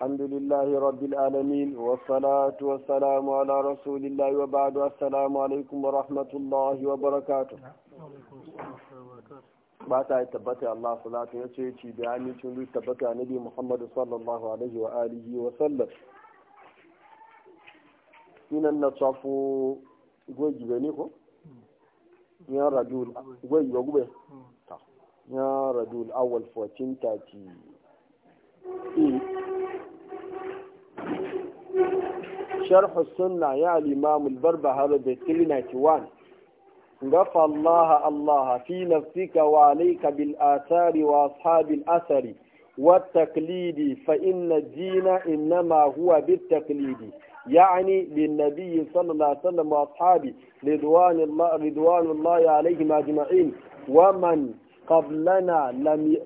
الحمد لله رب العالمين والصلاة والسلام على رسول الله وبعد السلام عليكم ورحمة الله وبركاته bata ya tabbata Allah salatu ya ce ci da amincin zai tabbata nabi Muhammad sallallahu alaihi wa alihi wa sallam inan na tsafo gwaji gani ko ya radul gwaji ga gube ya radul awal 1438 sharh sunna ya al-imam al-barbahari da 391 gafa Allah Allah fi nafsika wa alayka bil athari wa ashabil athari والتقليد فإن الدين إنما هو بالتقليد يعني للنبي صلى الله عليه وسلم وأصحابه رضوان الله, رضوان الله عليهم أجمعين ومن قبلنا لم ي...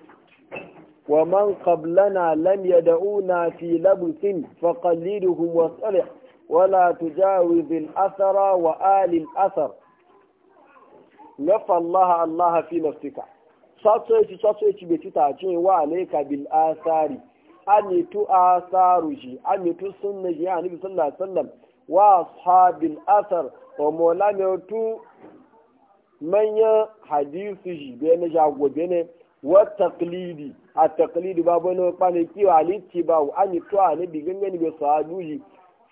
ومن قبلنا لم يدعونا في لبس فقلدهم واصطلح ولا تجاوز الأثر وآل الأثر نفى الله الله في نفسك ساتويتي ساتويتي بتتا جين وعليك بالآثار أن تو آثاره أن تو سنة يعني صلى الله عليه وسلم وأصحاب الأثر ومولانا تو من حديثي بين جاغو بين والتقليد التقليد بابنا قال كيو علي تباو أن تو علي بيغنغني بصحابه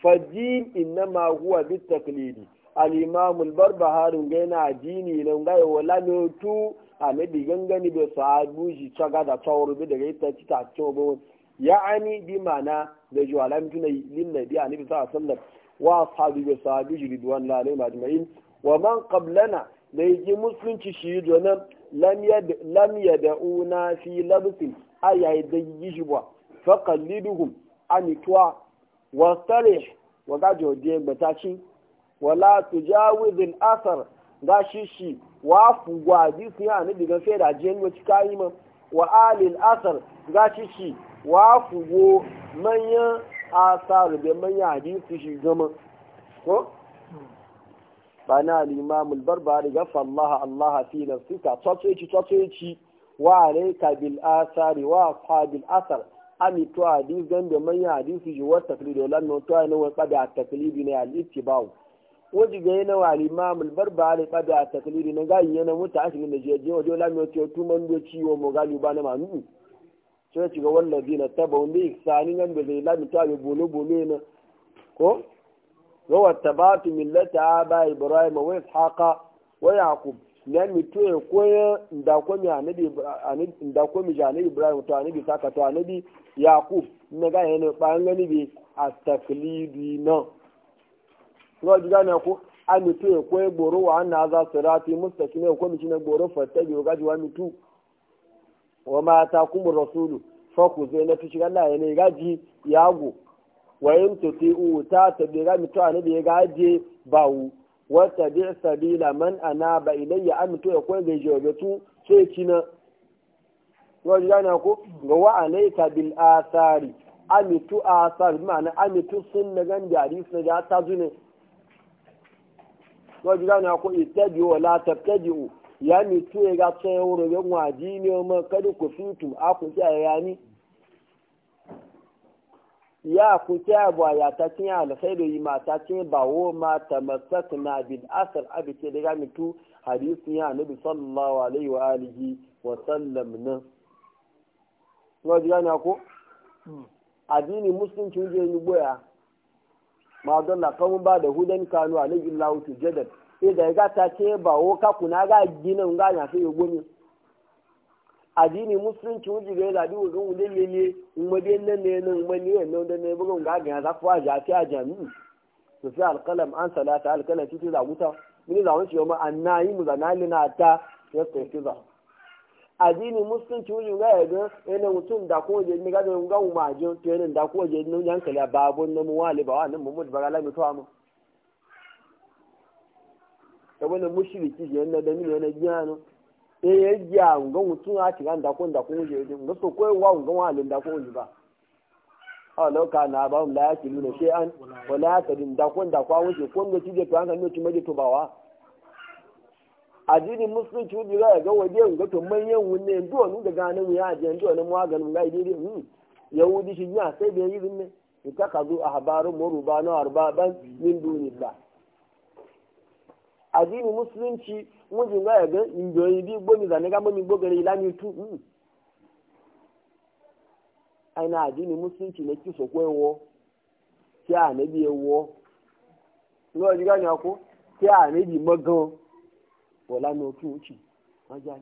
fajin inna ma huwa bit taklidi al-imam al gaina addini ne ngai wala no tu amedi gangani be sahabu ji tsaga da tawru ya'ani bi mana da ju alam tuna lin nabi annabi sallallahu alaihi wasallam wa ashabi bi ji qablana da yaji musulunci shi donan lam yad lam yad'una fi labsin ayayi da yijiba faqalliduhum wasarih wa gajo gbata gbataci wala tujawizin asar ga shishi wa fugwa su ya ni digan fe da je wacce kayi ma wa alil asar ga shishi wa fugo manyan asar da manyan hadisi shi zama ko ba na al-imam barbari ga fallaha allah fi nafsika tsotsoci tsotsoci wa alaika bil asari wa bil asar ami to hadis gan da manyan hadisi shi wata taklidu lan no to ne wa qada taklidu ne al ittiba'u waji ga yana wa al imam al barbari qada taklidu ne ga yana muta ashin da je je wajo lan no to tu man do ciwo mo ga ba na manu sai ci ga wallazi na tabau ne ihsanin nan da zai lan to ayo bolo bolo ne ko wa tabatu millata aba ibrahim wa ishaqa wa yaqub na mitu ya koya ndakomi anabi ndakomi ja anabi ibrahim to anabi saka to yakub na ga yana bangani bi astaklidi na no diga na ko a mitu ya koya wa na za sirati mustaqim ya komi shine goro fattabi ga jiwa mitu wa ma taqum rasulu faku zai na fishi ya gaji yago wa ga mitu ya bawu wata bi sabila man ba ilayya an to ya kwai gaje wa tu sai kina wani gane ko ga wa alaika bil asari amitu asari ma'ana amitu sun na gan jari su na ta zune wani gane ko ittabi wa la tabtadi ya tu ya ga tsaye wurin yan waji ne ma kada ku fitu a ku sai ya ni ya ku kyawa ya ta cin alkhairu yi ma ta cin ba wo ma ta masak na bil asar abi ce daga mitu hadisun ya nabi sallallahu alaihi wa alihi wa sallam nan ngo ji gani ko hmm. muslim cin je ni boya ma dalla kan ba da hudan kanu alaihi illahu tujadad sai da ga ta ce ba wo ka kuna ga ginin ga na sai gomi addini musulunci wuce ga zabi wa gan wule ne ne umade nan ne nan wani ne nan da ne bugun ga ga za kuwa ja fi a jami'i to fi alqalam an salata alqalam fi da guta min da wani yoma annayi mu zanali na yi ta ya tafiza addini musulunci wuce ga ya ga yana mutum da ko je ne ga da ga umma je to yana da ko je ni yan kala babun na mu wali ba wannan mu mutu barala mu to amu da wannan mushriki je nan da ni ne na biya. e ya ji a ngon mutum a kira ndakon ndakon wuje wuje ba so koyi wa ngon wa alin ndakon wuje ba a lauka na ba mu laya kilu ne sai an wala ya tabi ndakon ko ci to an maje to bawa ga ga waje ga to manyan wunne do nu da ganin ya je ga ga ide ne hmm. yahudi shi ya sai da yi ne ka kazu min addini musulunci wujin ga yaga injoyi bi gbomi zane ga mami gbogare ilani tu aina mm. addini musulunci na kiso ko ewo ti a ne bi ewo lo ji ga nyako ti a ne bi magan wala no tu uchi maja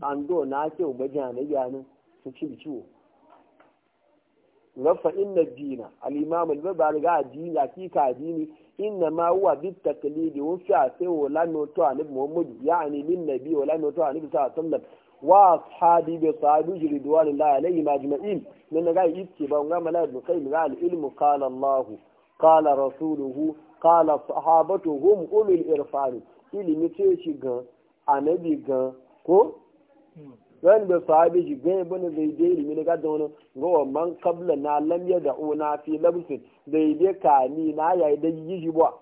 ando na ke o gbajan ne ya ne su ci bi ciwo nafa inna dina al-imam al-barbari ga addini hakika dini inna ma huwa bitaklidi wa fi sai la no to anib muhammad yani min nabi la no to anib sallallahu alaihi wa ashabi bi jiridwan la alayhi majma'in nan ga yitti ba ga malai ibn kai ga al-ilmu qala allah qala rasuluhu qala sahabatuhum ulul irfan ilimi ce shi ga anabi ga ko hmm. wani bai sahabi shi gani bane zai je ilimi ne gadon wani gowa man kabla na lamya da una fi labsin zai je ni na yayi da yi shi ba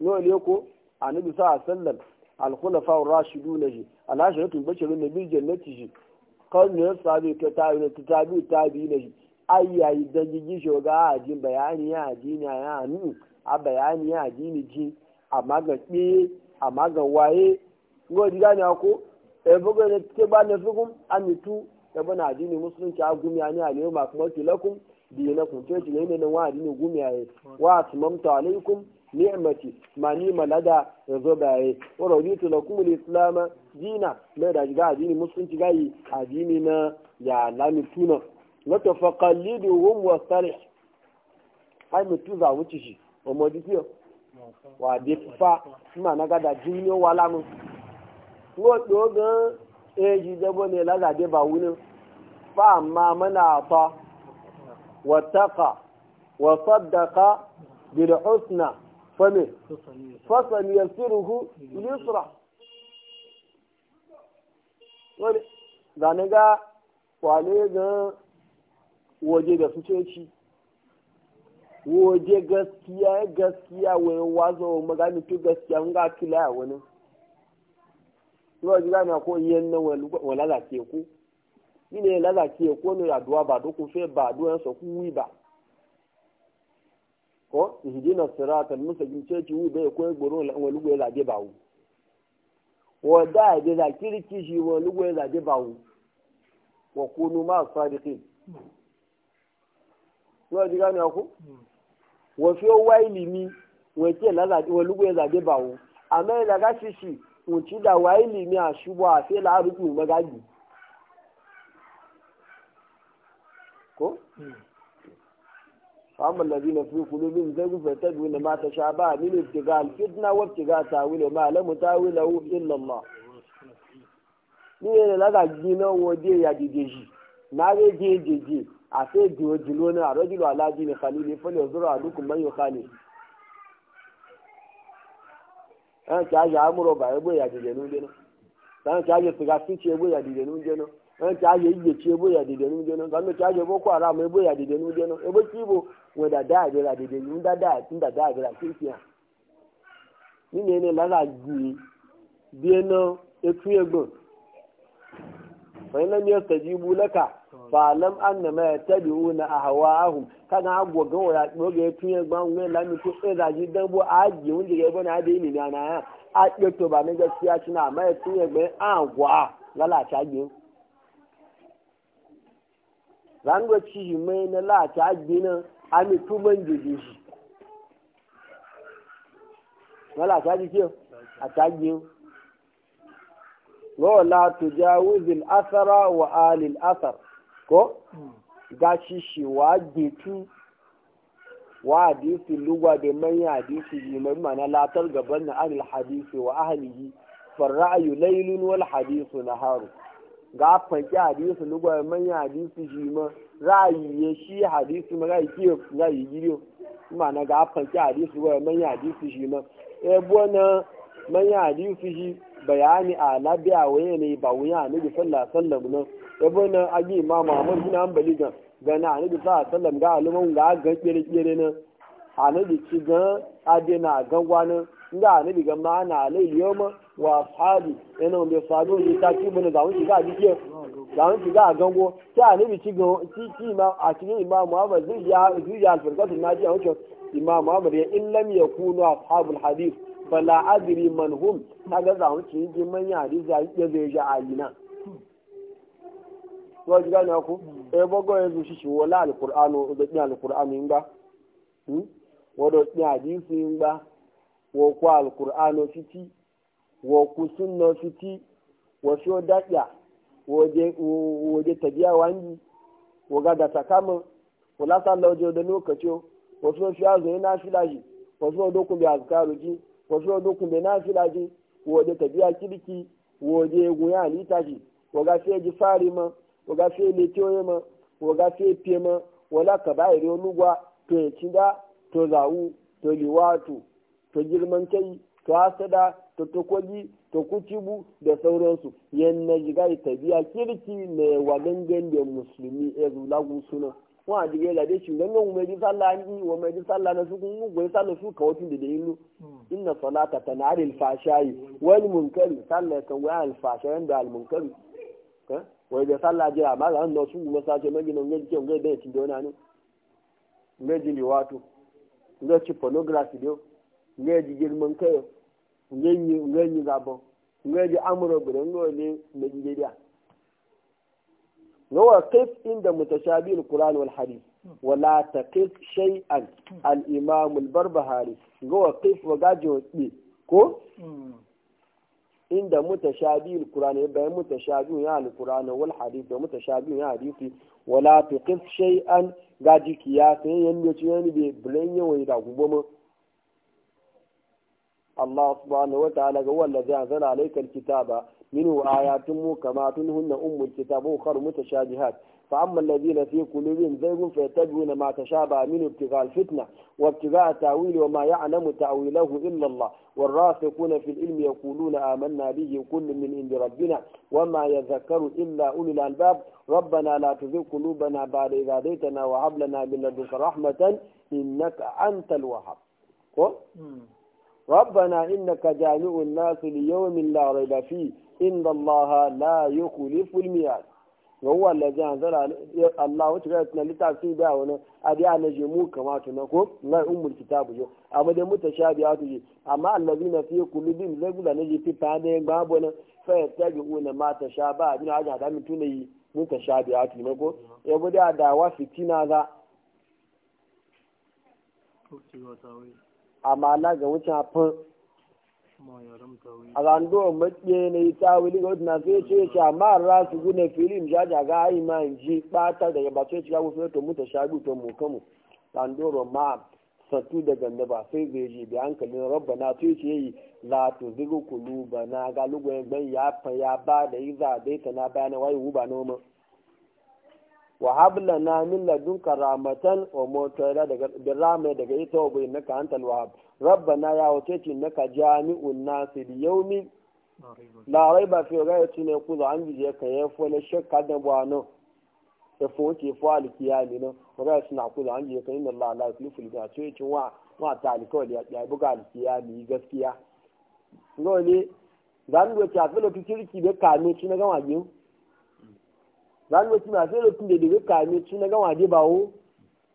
yau ne ko annabi sa sallam al-khulafa ar-rashidun ji al-ashratu bashirun nabi jannati ji kan ya sahabi ta tabi na tabi tabi ne ji ai yayi da yi shi a ji bayani ya ajini ya anu a bayani ya ajini ji amma ga a amma ga waye ngo diga ne ko ebogo ne ke ba ne sukum amitu da bana addini musulunci a gumiya ne a lewa makuma tilakum biyu na kun ce ne nan wa addini gumiya ne wa asmamta alaikum ni'mati ma ni malada ya zo baye wa raditu lakum al-islam dina da ga addini musulunci gayi addini na ya lamituna wa tafaqalliduhum wa sarih ai mutu za wuce shi wa ma na gada jiniyo wala mu wo do ga e eh, ji da bo ne la ga de ba wuni fa amma mana ta wattaqa wa saddaqa bil husna fa me fasan yasiruhu lisra wani zane ga kwale ga waje da su ci waje gaskiya gaskiya wani wazo magani tu gaskiya nga kila wani níwọ̀n ju káàmì àkó iye ńlá wọn lálàtì èkó nílẹ̀ lálàtì èkó ní àdúrà bàdókò fẹ́ bà àdúrà sọ kú wí bà kọ́ ìhìdínà sẹ̀rà àtàlùmọ́sẹ̀gì chẹ́ẹ̀chì wù bẹ́ẹ̀ kó ẹgbòrò wọn lúgbẹ́ làdé bà wọ́n dá èdè là kíríkìsì wọn lúgbẹ́ làdé bà wọ́n kú nu máa sáré níwọ̀n ju wọ́n fi ó wá ìlì mutu da waye limi a shubu a sai la'aruki magagi ko فأما الذين في ta زيغ فيتبعون ما wu من ابتغاء الفتنة وابتغاء تاويله ما لم تاويله إلا الله na ẹ̀rẹ̀ lágàjì náà wọ́n dé ìyàjèjèjì náírà jẹ́jẹ́jẹ́ àfẹ́ ìdìwọ̀jì khalili khalili sáà tí a yà amúrọ̀bà ya yà dìde núndé náà sáà tí a ya sìgásìtì egbò yà dìde núndé chi sáà tí a yà ìgbèchi egbò yà a yà boko haram egbò yà dìde núndé náà egbò tí ibo wọn dàda àgbèrè àdìde ní dàda àdìdàda àgbèrè falam anna ma yattabi'una ahwa'ahum kaga agwo ga wura doge tunye gban we la mi ko tsira ji dan bo aji wunde ga bana ade ni na na a to ba ne gaskiya tuna ma tunye gban agwa lala ta gi rango ci mai na la ta gi na ami tuman ji. shi lala ta gi ke a ta gi wala tujawizil athara wa alil athara ko hmm. gashi shi wa getu wa hadisi lugwa da manyan hadisi ji mai mana latar gaban na anil hadisi wa ahalihi farra'ayu lailun wal hadisu na haru ga fanki hadisi lugwa da manyan hadisi ji ma ra'ayi ya shi hadisi ma ra'ayi kiyo ra'ayi gidiyo mana ga fanki hadisi lugwa da manyan hadisi ji ma ebo na manyan hadisi ji bayani a labiya waye ne ba wuya ne bi sallah sallam nan yabo na agi imamu ahmad bin hanbali ga gana anabi sa sallam ga aliman ga gan kere kere na anabi ci gan ade na gan gwana ga anabi ga ma na alayhi yawma wa ashabi yana bi sadu ni ta ki bin ga wuce ga dike ga wuce ga gango ta anabi ci gan ci ci ma a cikin imama ahmad zai ya zai ya alfarkatu na ji a wuce imamu ahmad ya illam yakunu ashabul hadith fala adri man hum kaga za wuce ji manya hadisi ya zai ji ayina wọ́n ti gánà kú ẹ bọ́gọ́ ẹ̀rù ṣíṣe wọlé alukur'anu ọdọ̀tí alukur'anu ń gbá wọ́dọ̀tí àdìsí ń gbá wọ́n alukur'anu títí wọ́n kú súnà títí wọ́n fi ó dàgbà wọ́n jẹ tẹ̀bíà wá ga gàtà kámọ́ wọ́n lásà lọ́jọ́ ọdọ ní òkàtí ó wọ́n fi ó fi àzọ̀ yín náà fìlàjì wọ́n fi ó dókun bí àzùkárò jí wọ́n fi ó dókun bí náà fìlàjì wọ́n jẹ tẹ̀bíà kíríkì wọ́n ga fi é di waga fiye letiyoyi ma waga fiye fiye ma wala ka ba iri olugwa to ya to zawu to liwatu to girman kai to asada to tokoji to kucibu da sauransu yanna jiga tabiya kirki ne wa gangan da musulmi ya zulagu suna wọn àdìgẹ ìlàdé ṣù gbẹngàn wọn méjì sálà ní wọn méjì sálà náà sókun ń gbé sálà sókun kàwọ́ tún dèdè inú iná sọlá tàtà náà àdìl fàṣáyì wọn ni sálà wọn ń bẹ Eh? wai da sallah jira lọ ga hannun su masa ce magi nan gaji kyau gaji da ci dona ne gaji ne wato gaji pornography ne gaji girman kai gaji gaji gabon gaji amuro gudan gole na gidiriya نوى قف عند متشابه القرآن والحديث ولا تقف شيئا الإمام البربهاري نوى قف وقاجه ko. Hmm. inda mutashabi alqur'ani bayan mutashabi ya alqur'ani wal hadith da mutashabi ya hadisi wala tuqif shay'an gaji kiyasa yan yace yani be brain yawai da gubo mu Allah subhanahu wa ta'ala ga wallazi anzala alayka alkitaba minhu ayatun mukamatun hunna ummul kitabi wa kharu mutashabihat qulubihim zaygun fa قلوبهم ma tashaba min تشابه fitna wa الفتنة ta'wil wa ma ya'lamu ta'wilahu illa Allah والراسخون في العلم يقولون آمنا به كل من عند ربنا وما يذكر إلا أولي الألباب ربنا لا تزغ قلوبنا بعد إذ هديتنا وهب لنا من لدنك رحمة إنك أنت الوهاب ربنا إنك جامع الناس ليوم لا ريب فيه إن الله لا يخلف الميعاد uwa lajian azara ala wu tukar da na suna litari sun bai a wu na adi a na ko na umar ta ta a bai da mutu da shi a bi ya tuki na kuli biyu zai bula ni yi fipa a dayin gban bɔna fayar ta yi wu na ma ba a yi na damin tun yi mutu da shi a bi ko ya bai da adawa fiti za a ma ga wu can a zando matse na yi tawili ga na sai ce ce amma ra su gune filin ja ja ga ayi ma in ji bata daga ba sai shiga gufe to muta shagu to mu kamu zando ma satu daga ne ba sai zai ji bi hankalin rabba na sai ce yi la to zigu kulu ba na ga lugun ya fa ya ba da yi za dai ta na bayan wayi wuba noma wa habla na min ladun karamatan wa da daga birame daga ita wa bai na ka wahab rabbana ya wace ce na ka jami'un nasu da yaumi larai ba fi raya tuna an bijiya ka yi fole shakka da ba nan ya foke fo alkiyami suna ku za an bijiya e na lalai filifil da ce ce wa wa ta alikawali ya buga alkiyami gaskiya lole zan go ta filo ti kirki be ka me tuna gawa ge zan go ti ma filo ti de be ka me tuna gawa ge bawo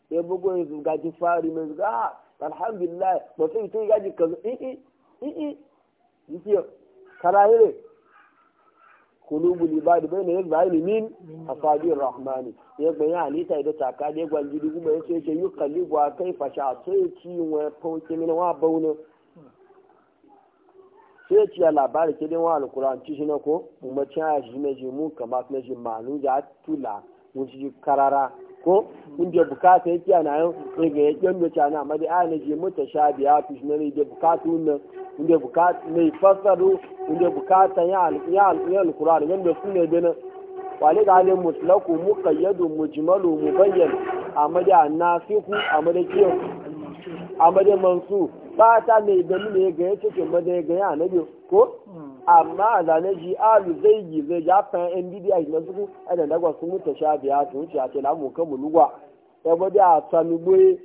e bugo zu ga ti fari me ga alhamdulillah mutum tun gaji ka zo iki iki iki karahire kulubu libadi bai ne yadda ayi min asabir rahmani ya gbanya halitta ida taka da gwan gidi kuma ya ce yi kalibu a kai fasha sai ci wa fauke min wa bauna sai ya ci ya labari ke wa alkuran ci shi na ko umarci a shi na ji mu kama na ji malu ya tula mun ci karara ko da bukata yake ana yau daga ya kyan da cana, amma da ana je mata sha biya tu shi ne da bukata wannan da bukata mai fassaro da bukata ya ya alquran yanda su ne bana wale ga halin mutlaku muqayyadu mujmalu mubayyan amma da nafiku amma da kiyo amma da mansu ba ta mai da ne ga yake ke madai ga ya nabi ko amma a zane alu zai yi zai ya fa yan shi na suku a da dagwa sun mutu sha biya su wuce a ce na mu kan a sanu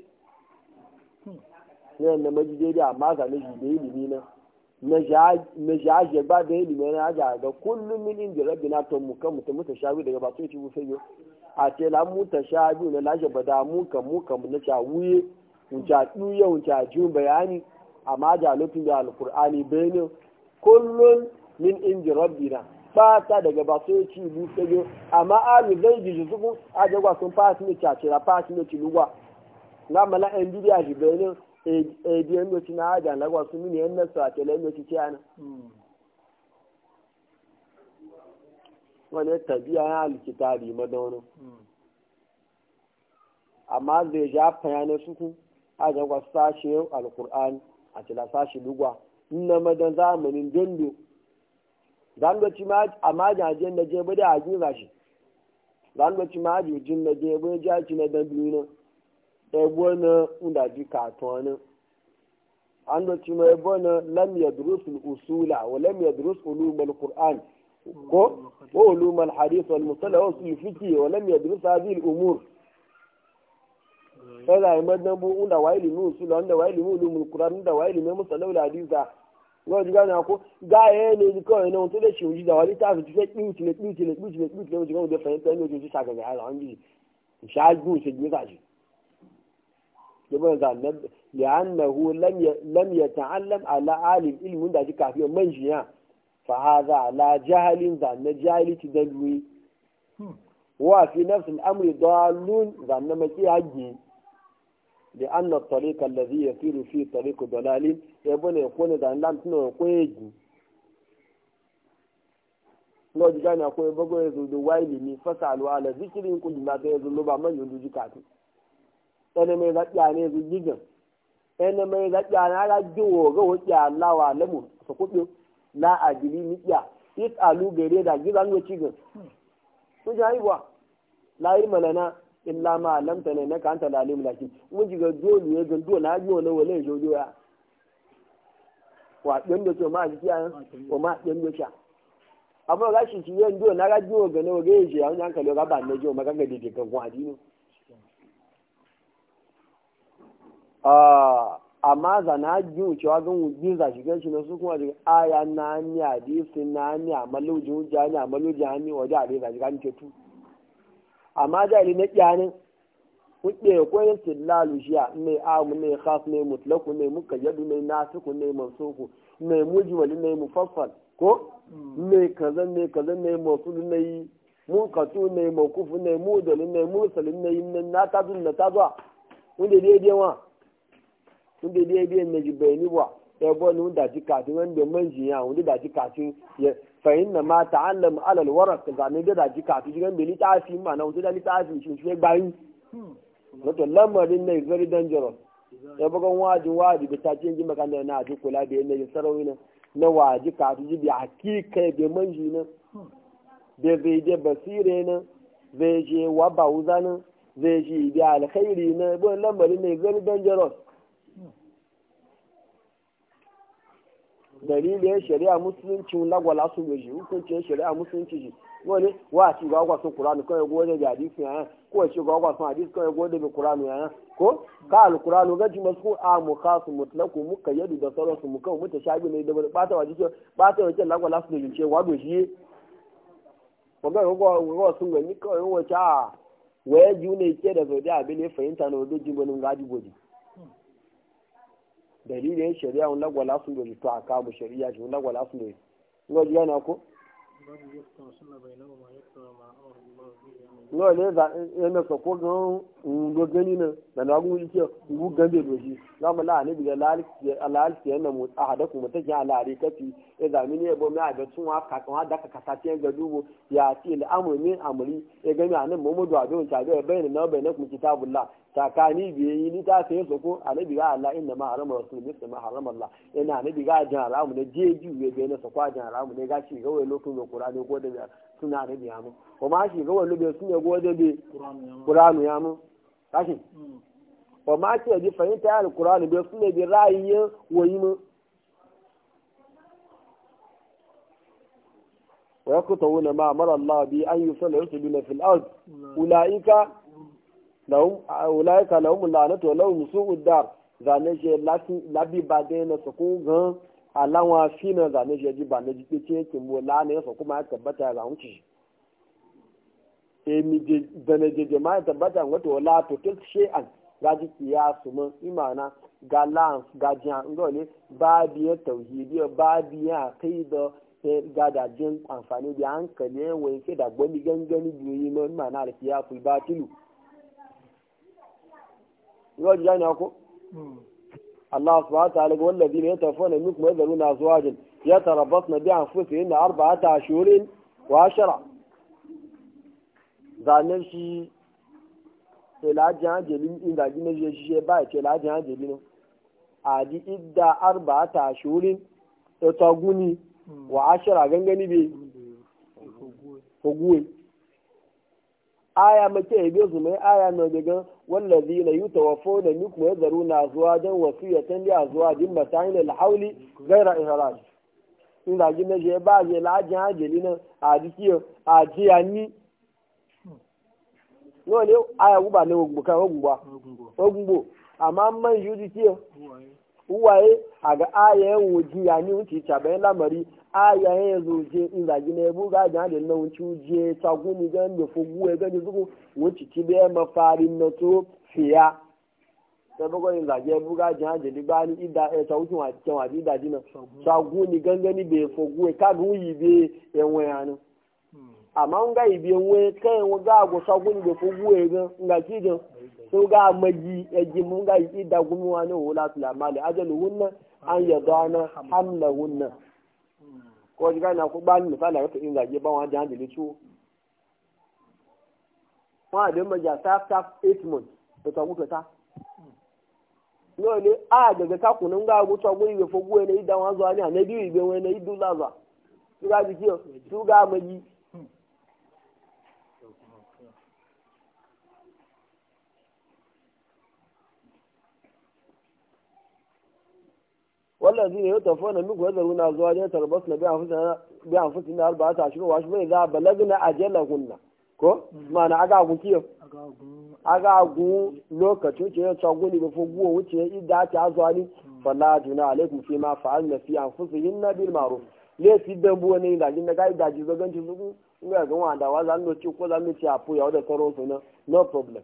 na majije da amma zane shi da ilimi na na shaje ba da ilimi na aja ga kullum min inda rabbi na to mu kan mutu mutu sha daga ba sai ci wufe yo a ce la mutu sha na lashe bada mu kan mu kan na wuye kullun min inji rabbina fata daga ba so ci bu sayo amma alu zai ji su a jagwa sun fasi ne cacira fasi ne ciluwa na mala en bidiya ji bayanin e biyan e da cina aja na gwa sun ne yan sa ta lai ne ci na wani tabiya ya alkitabi madawano amma zai ja fayanin suku a jagwa sashe alkur'an a tila sashe lugwa na madan zamanin dondo zangoci a majajen da je bude a gina shi zangoci majojin da je bude ci na dan biyu na ebo na ndaji ka nan an doci ma ebo na lam durusul usula wa lam durus ulum alquran ko wa ulum alhadith wal musalla wa usul fiqh wa lam durus hadhihi alumur kada e ai e madan bu unda wa ilmu usul unda wa ilmu ulum alquran unda wa ilmu musalla wal hadith wọ́n ti gánà kó gáyé na kawai ẹ̀nà ohun tó lè ṣèwòjú dà wà ní táàfì ti fẹ́ pínlẹ̀ pínlẹ̀ pínlẹ̀ pínlẹ̀ ojú kọ́ńdé fẹ̀yìn pẹ̀lú ojú ti sàgẹ̀gẹ̀ ara wọn yìí ìṣáájú ìṣèjú méjì. Jẹ́bọ́n zan lẹ́hànnahu lẹ́mìẹ̀tàn alẹ́m àlá ìlú ń dàjú kàfí ọmọ fàhádà àlá jáhálì zanna ti dẹ́gbé. Hmm. Wọ́n àfi nẹ́fṣin amúlẹ̀ dọ́ọ̀lù zanna mẹ́kí àgbè. da an na tarika da zai ya firu fi tariku dalalin ya bane kone da nan tunan kwaye ji lọ jíjá ni akwai bago ya zo da waili ni fasa alwa la zikirin kudi na ta ya zo loba man yanzu ji kafin ɗana mai zaƙiya ne ya zo gigan ɗana mai zaƙiya na ga jiwo ga waƙiya lawa lamu la it alu da wa la illa ma alamta ne na ka anta lalim laki mun ji ga dole ya na ji wala wala ya ya wa dan da to ma ji ya o ma dan da cha amma ga shi ci yan dole na ga ji wa ga ne wa ya ji an ka lo ga ba ne jo ah amma zana ji gan na su kuma daga aya na ni hadisi na ni amalu amma jahili ne kyanin kuɗe kwayan tilalu shiya mai amu ne khas ne mutlaku mai mukayyadu ne nasiku ne mansuku ne mujmali ne mufassal ko ne mm. kaza ne kaza ne mawsul mai munkatu ne mawkufu ne mudali mai mursali mai na tazu na tazu wanda daidai wa dai daidai na jibaini wa ya bɔ ni wanda ti kati wanda manjiya wanda da ti kati fahimna ma ta'allam alal waras ka zane da daji kafin shigan ta littafi ma na wuce da littafi shi shi bayi wato lamarin na is very dangerous ya bugan wajin waji da ta cikin jima kan da na ji kula da yanayin sarauni na na waji kafin ji bi hakika da manji na da zai je basire na zai je wa bauza na zai je da alkhairi na bugan lamarin na is very dangerous dalilin shari'a musulunci lagwala su gaji hukuncin shari'a musulunci shi wani wa ci ga kwa sun kuranu kawai gode da hadisi yayan ko ci ga kwa sun hadisi kawai gode da kuranu yayan ko ka alkuranu ga ji masu a mu kasu mutlaku ka yadu da sauransu mu kan muta shabi ne da bata wa jike bata wa jike lagwala su gaji ce wa doshi ko ga ko sun gani kawai wace a waye ju ne ke da zodi abin ya fahimta na wajen jibonin gaji godi. dalilin shari'a wani lagwala sun doji to a kamu shari'a shi wani lagwala sun doji yana ko ngo le za yana e, e, so ko gan ngo gani na da na gun ngu doji za mu bi take ya zami ne bo mai tun wa ka kasati yan gadu ya ti da amuri min amuri ya gami anan a don na bayin kuma kitabullah takani biye yi ni ta ga Allah ma e bi ina jan ne jeju ya bayin sa kwa jan haramu ne ga shi ga wai lokacin da qur'ani ko da suna annabi ya mu kuma shi ga wai lokacin sun go da bi qur'ani ya mu kashi wa mm. ma ce bi ويقطعون ما أمر الله به أن يصل يفسدون في الأرض أولئك لهم أولئك لهم اللعنة ولهم سوء الدار zane je labi ba dai na su shi na ba na ji ke cikin mu la ne su kuma ya tabbata ga hunci e mi je da ma ya tabbata wato wala to tul shay'an ga ji kiyasu mun imana ga lan ga jan ngole ba biye tauhidi ba biye aqida ta gada jin amfani da hankali ya yake da gwani gangani biyoyi na mana da fiya fi ba tilu yau ji jani ako Allah ba ta ta'ala wanda ne ya tafi na minku mai zaru na zuwa jin ya tarabbas na da anfusi yana ta ashurin wa shara zanen shi sai lajin hajjeli inda gina shi shi ba ya ce lajin hajjeli ne a di idda arba'ata ashurin ta guni Hmm. wa ashira gangani be oguwe aya mace ebe su mai aya na daga wallazi na yi tawafo da ni kuma zaru na zuwa don wasu ya tan a zuwa din masahin alhauli gaira ihraj in da gina je ba je laji hajeli nan a dikiyo a jiya ni hmm. no ne aya guba ne ogbuka ogbugba amma man yuji kiyo uwaye a ga ayayen wuji ya ni wuce ta bayan lamari ayayen zoje in zagi na yabu e, e hmm. e ga ta ya gani zuku wuce ti bai mafarin na to fiya ta bago in zagi yabu ga ya ta ida ta ka amma nga ibi enwe kai enwe ga agwọ ta ya gan nga ki sun ga maji yaji mun ga yi da lati ne wula su lamali ajalu hunna an yadda na hamla hunna ko ji na ku ba ni misali ga in zage ban wajen hanjali ciwo wọn àdéhùn mọ̀jà sáf sáf eight months tọ̀tọ̀ a tọ̀tà lóòlì àgbègbè ga ń gbàgbó tọgbó والذين يتوفون منكم ويذرون na يتربصن بأنفسهن أربعة أشهر وأشهر فإذا بلغن أجلهن ko mana aga agun kiyo aga agun lokacin ce ya tsago ne bafo guwa wuce ya idda ta juna alaikum fi ma na fi an na bil ma'ruf le fi dan buwa ne da jin daga idda ji zagan ci zugu ga ga wanda wa zan no ci ko zan ci apo ya da karo na no problem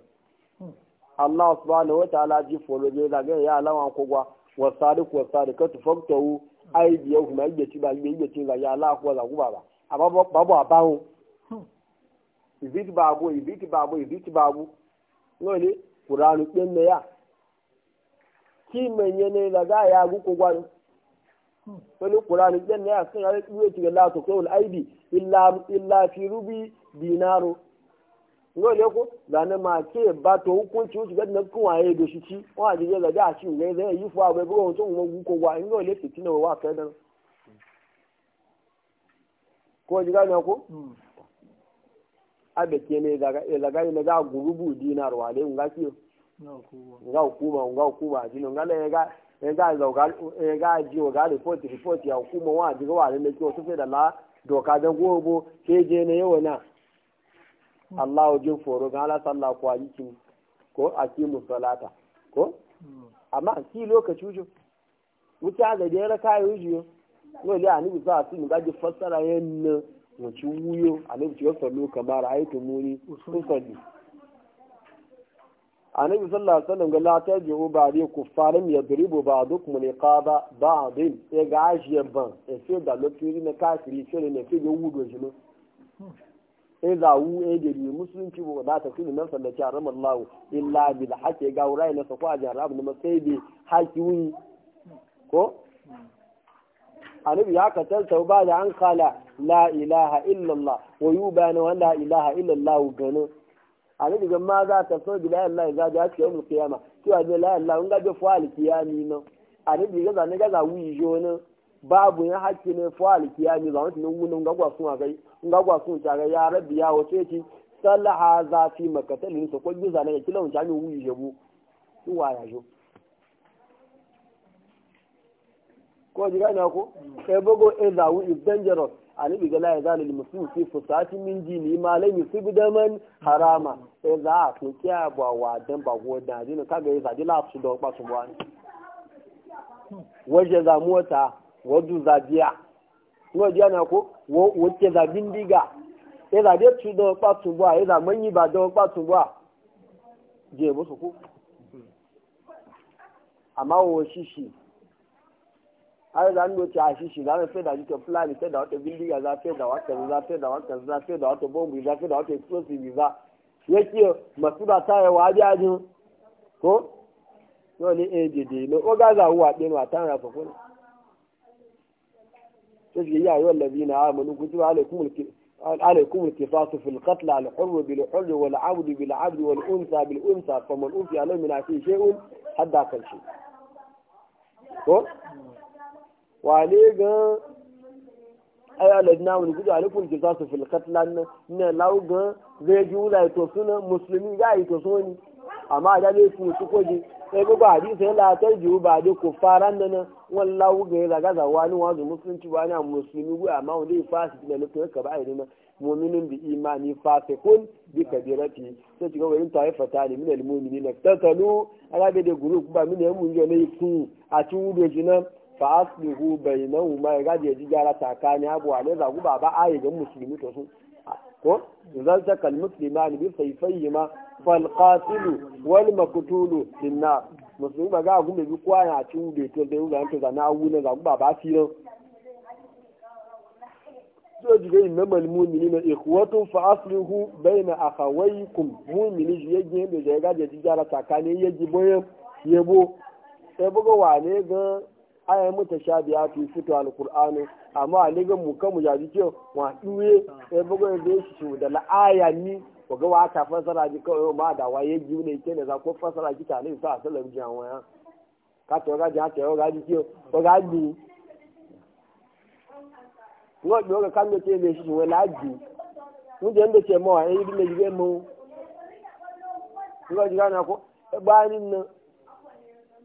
Allah subhanahu wa ta'ala ji folo je daga ya ko gwa wasadiq wasadikatu faktahu aydiyahum ayyati ba yi ga ya Allah ko zagu baba amma babu abawo ibiti ba babu ibiti ba babu ibiti ba babu lole qur'anu din ne ya ki menye ne da ga ya gu ko gwaru wani qur'anu din ne ya sun ya yi ci ga la to ko aidi illa illa fi rubi dinaru ngo le ko zane ma ke ba to hukunci wuce ga nan kuma yayi do shi ci wa ji ga ga shi ga zai yi fuwa bai bugo tun mu ko wa ngo le fitina wa ka dan ko ji ga na ko abe ke ne daga daga ne ga gurubu dinar wa le nga ki nga hukuma nga hukuma ji nga le ga ga ga ga ji ga report report ya hukuma wa ji wa ne ki o to da la doka dan gobo ke je ne yawa na Allah waje foro ga Allah sallah ko ayi ko salata ko amma ki lokaci uju wuce ga da no le ani bisa su mu gaji fassara yanne mu ci wuyo ani ci wasallu kamar ayatu muni usalli annabi sallallahu alaihi wasallam ga la tarji'u ba'di kuffarin yadribu ba'dukum liqaba e ga e se da lokiri kafiri se ne wudo jino sai zawu ya da biyu musulunci ba za ta kiri nan sallaki a ramar lawo illa bi da hake ga wurai na sako a jihar abu na sai bi haki wuyi ko annabi ya ka tanta ba da an kala illallah wa yu bayana wa la ilaha illallah gano annabi ga ma za ta so bi la ilaha za da ta yawmul qiyama to a bi la ilaha in ga bi fa al qiyami no annabi ga zan ga za wuyi jo no babu ya hakki ne fa alkiyami za wani wuna ngagwa sun agai nga sun ta ga ya rabbi ya wace ci salaha za fi makatalin so ko giza ne kila wancan ne wuyi wa ya jo ko jiga na ko sai bogo e wu is dangerous a bi gala ya zalil fi fusati min dini ma lai yusibu daman harama e a ko kiya ba wa dan ba kaga su wadu zabiya kuma jiya na ko wace zabin diga ya e zabe tu da wakpa tumbuwa ya e zaman yi ba da wakpa tumbuwa je musu ku amma wo shishi har da ndo ta shishi da na feda jike fulani feda wata bindiga za feda wata za feda wata za feda wata bombu za feda wata explosive za yake masu ba ta yawa ajajin ko yau ne eh dede ne o gaza huwa ɗin wa ta rafa kuma تجي يا أيها الذين آمنوا كتب عليكم عليكم القصاص في القتل على الحر بالحر والعبد بالعبد والأنثى بالأنثى فمن أوتي عليه من عشي شيء حد كل شيء وعليك wale الذين ai كتب عليكم gudu في القتل zasu لو katlan ne law مسلمين جاي ji wula جاي suna musulmi sai gugu hadisi sai latar jiwu ba dai ku fara nan wallahu ga ya zaga zawa ni wazu musulunci ba na musulmi gu amma wanda ya fasi da lokacin ka ba a yi mu'minin bi imani fasikun bi ka kabirati sai ci gaba yin taifa ta ne minal mu'minina tatalu ala da guru ba min ya mun ne ku a ci wudo jinan fa aslihu bainahuma ya gaje jigara takani abu ne zagu ba ba ayi ga musulmi to su ko idan ta kalmuki ma ni bi sayfai ma fal qatilu wal maqtulu fin nar musulmi ba ga gumbe bi kwa na ci ube to da yuga to zana awu na zagu baba firo so jige innamal mu'minina ikhwatu fa aslihu baina akhawaykum mu'mini je je da je ga je jara takani yaji boyen yebo sai buga wane ga ayan mutashabiyatu fitu alqur'ani amma a nigan mu kan mu ya ji wa ɗuwe ya bugu da ya shi da la'aya ni ko ga wata fasara ji kawai ma da waye ji ne ke da za ko fasara ji ta ne sa sallam ji an waya ka to ga ji ha ga ji ga ji do ga kan ke ne shi ji je ke a yi ne ji mu ji ga na ko eh, ba ni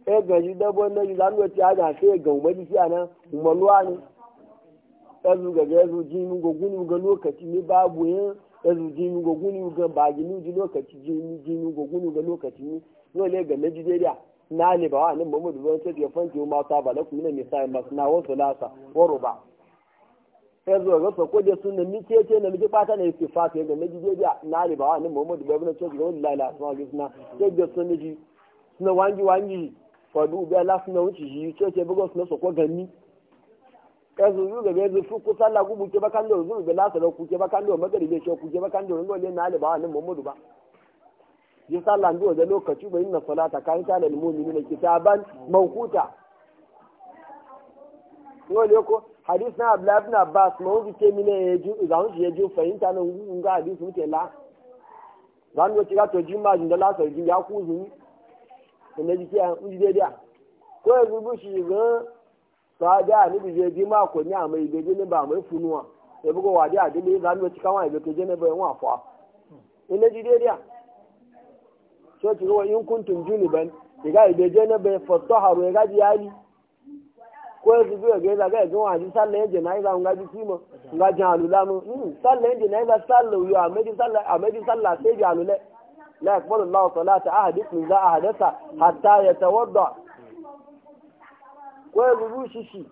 e ga ji dabo na ji zan ga ti aga sai ga mu ji ana mu ɗazu ga ya zo jini ga gunu ga lokaci ne babu yan ɗazu jini ga gunu ga ba gini ji lokaci jini jini ga gunu ga lokaci ne dole ga najeriya na ne ba wa nan muhammadu zuwa sai ya fanke ma ta ba lakum ne misali masu na wasu lasa waro ba ya zo ga sako da sunna ni ce ce na miji fata na yake fata ga najeriya na ne ba wa nan muhammadu zuwa sai ya wani lalata ma ga suna sai ga sunna ji suna wangi wangi fadu bi ala suna wuce shi ce ce bugo suna sako ganni ezuzu ga be zufu ku sallah buke bakan da zuzu be lasa ku ke bakan da magari be shi ku bakan da ngo ne na ali ba nan Muhammadu ba yi sallah ndo da lokaci ba inna salata kan ta lil mu'minina kitaban mawquta ngo le ko hadith na Abdullah ibn Abbas mu ji ke mine yeju zan ji yeju fahimta nan nga hadith mu ke la zan go tiga to jima jin da lasa jin ya ku zuni ne ji ke an ji dai ko yanzu bushi ga sọ́jà níbi a bí máa kò ní àmọ́ ìgbé jẹ́ níbà àmọ́ ìfunu wọn ìbúkọ e wà dé àdélé ìlànà tí káwọn ìgbé kejì níbà ẹ̀wọ̀n àfọ́ ilé jíde rí à ṣé ti wọ́n yín kún tún júlù bẹ́ẹ̀ ìgá ìgbé jẹ́ níbà fọ̀tọ́ àrùn ẹ̀gá di áyí kó èsì bí ògè ìgbà kẹ́ ìgbọ́n àti sálẹ̀ ẹ̀jẹ̀ ta kwaya lulu shishi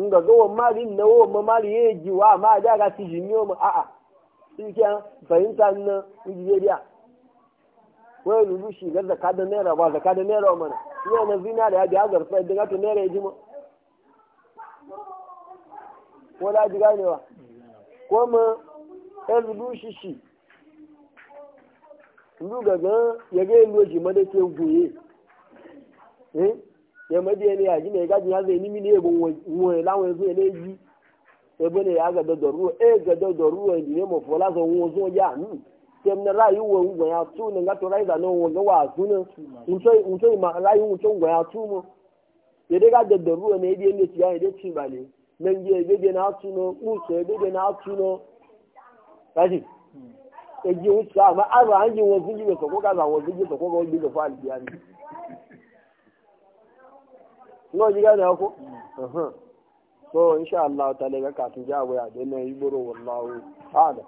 nga gawa mali na wo ma mali ye ji wa ma da ga ti jini ma a a shi ke fahimta na nigeria kwaya lulu shi ga zaka da naira ba zaka da naira mana ina na zina da ya ga zarfa idan ka naira ji ma ko da ji ganewa ko ma el lulu shishi lulu ga ga ya ga lulu ji ma da ke goye ya madi ya ne ya gina ya gaji ya zai nimi ne ya bin ya e ya ne na rayuwa ngwa ya ne ga to rai da non wo ne unso unso ma rayuwa to ngwa ya tu mu ya de ga da ruwa ne ya ne ci ya ne ci ba ne nan ya na tu no ku na tu no kaji eji hmm. wuce amma ji ga ngo ji gane ko so insha Allah ta daga kafin jawo ya dena yi buru wallahu a'lam